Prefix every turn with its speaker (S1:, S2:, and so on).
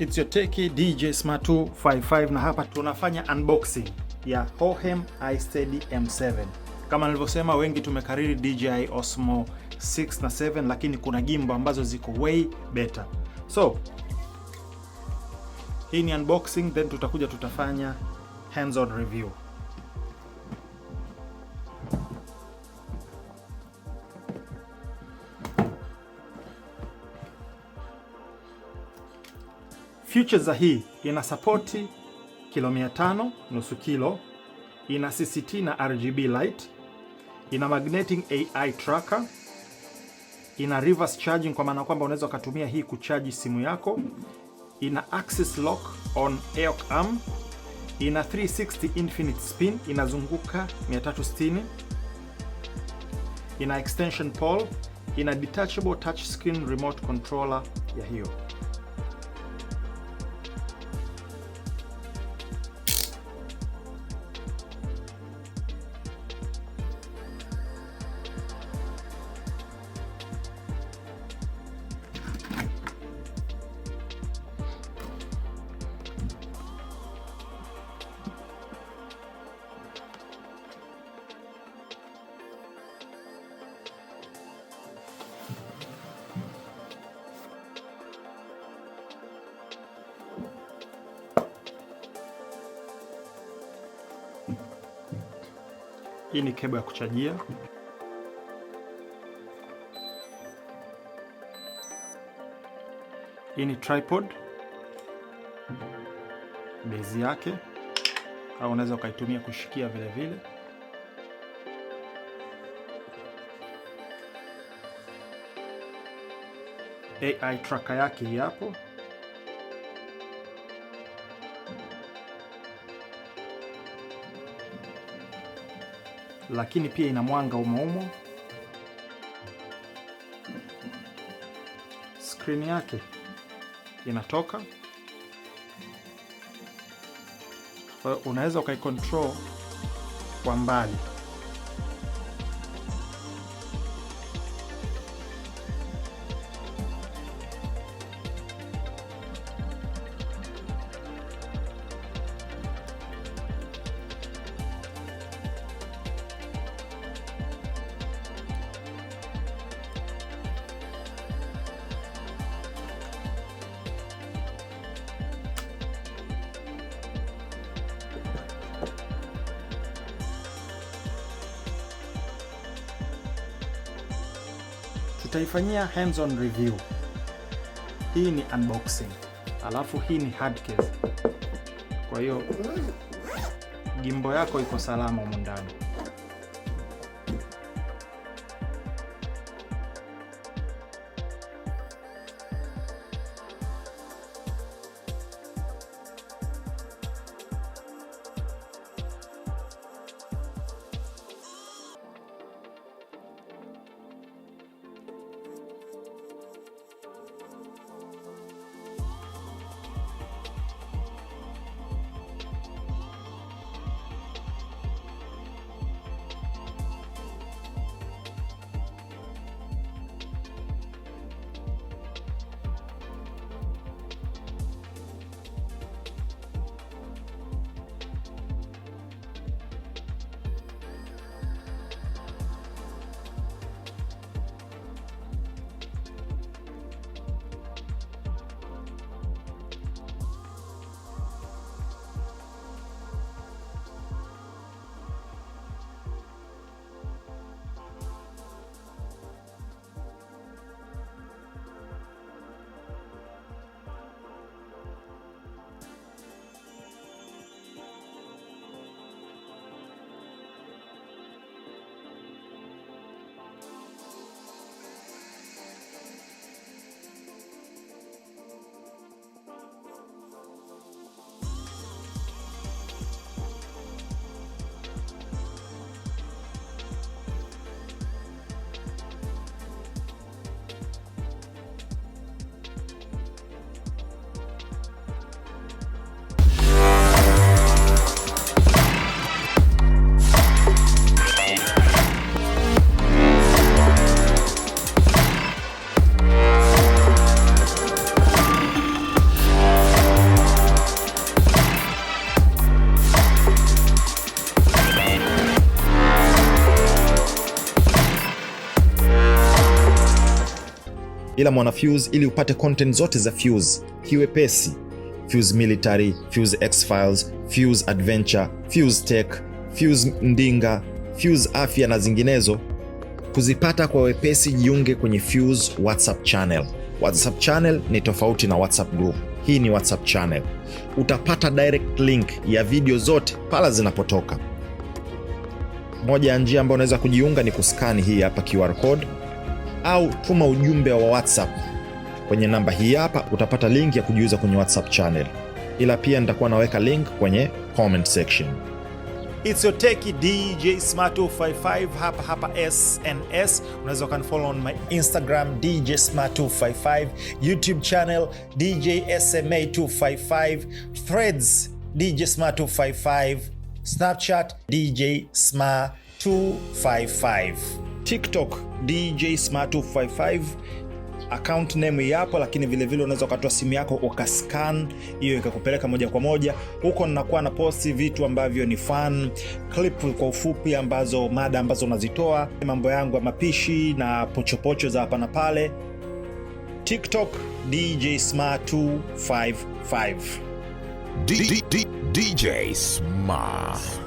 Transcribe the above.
S1: It's your Tech DJ Smart 255 na hapa tunafanya unboxing ya Hohem iSteady M7. Kama nilivyosema, wengi tumekariri DJI Osmo 6 na 7, lakini kuna gimbo ambazo ziko way better. So hii ni unboxing, then tutakuja tutafanya hands on review. za hii ina sapoti kilo 500, nusu kilo, ina CCT na RGB light, ina magnetic AI tracker, ina reverse charging kwa maana kwamba unaweza ukatumia hii kuchaji simu yako, ina axis lock on EOC arm, ina 360 infinite spin, inazunguka 360, ina extension pole, ina detachable touch screen remote controller ya hiyo Hii ni kebo ya kuchajia. Hii ni tripod bezi yake, au unaweza ukaitumia kushikia vile vile. AI tracker yake hapo. lakini pia ina mwanga umoumo. Skrini yake inatoka, kwa hiyo unaweza ukaikontrol kwa mbali. tutaifanyia hands on review. Hii ni unboxing, alafu hii ni hard case. Kwa hiyo gimbo yako iko salama humu ndani.
S2: ila mwana Fuse, ili upate content zote za Fuse kiwepesi, Fuse Military, Fuse X-Files, Fuse Adventure, Fuse Tech, Fuse Ndinga, Fuse Afya na zinginezo, kuzipata kwa wepesi, jiunge kwenye Fuse WhatsApp channel. WhatsApp channel ni tofauti na WhatsApp group. Hii ni WhatsApp channel, utapata direct link ya video zote pala zinapotoka. Moja ya njia ambayo unaweza kujiunga ni kuskani hii hapa QR code au tuma ujumbe wa WhatsApp kwenye namba hii hapa, utapata link ya kujiuza kwenye WhatsApp channel, ila pia nitakuwa naweka link kwenye comment section.
S1: It's your tech DJ Smart 55 hapa hapa SNS. Unaweza kunifollow on my Instagram DJ Smart 255, YouTube channel DJ SMA 255, Threads DJ Smart 255, Snapchat DJ Smart 255. TikTok DJ Smart 255 account name yapo, lakini vilevile unaweza ukatoa simu yako ukascan hiyo ikakupeleka moja kwa moja huko. Ninakuwa na posti vitu ambavyo ni fun clip kwa ufupi, ambazo mada ambazo unazitoa, mambo yangu ya mapishi na pochopocho za hapa na pale. TikTok DJ Smart 255
S3: DJ Smart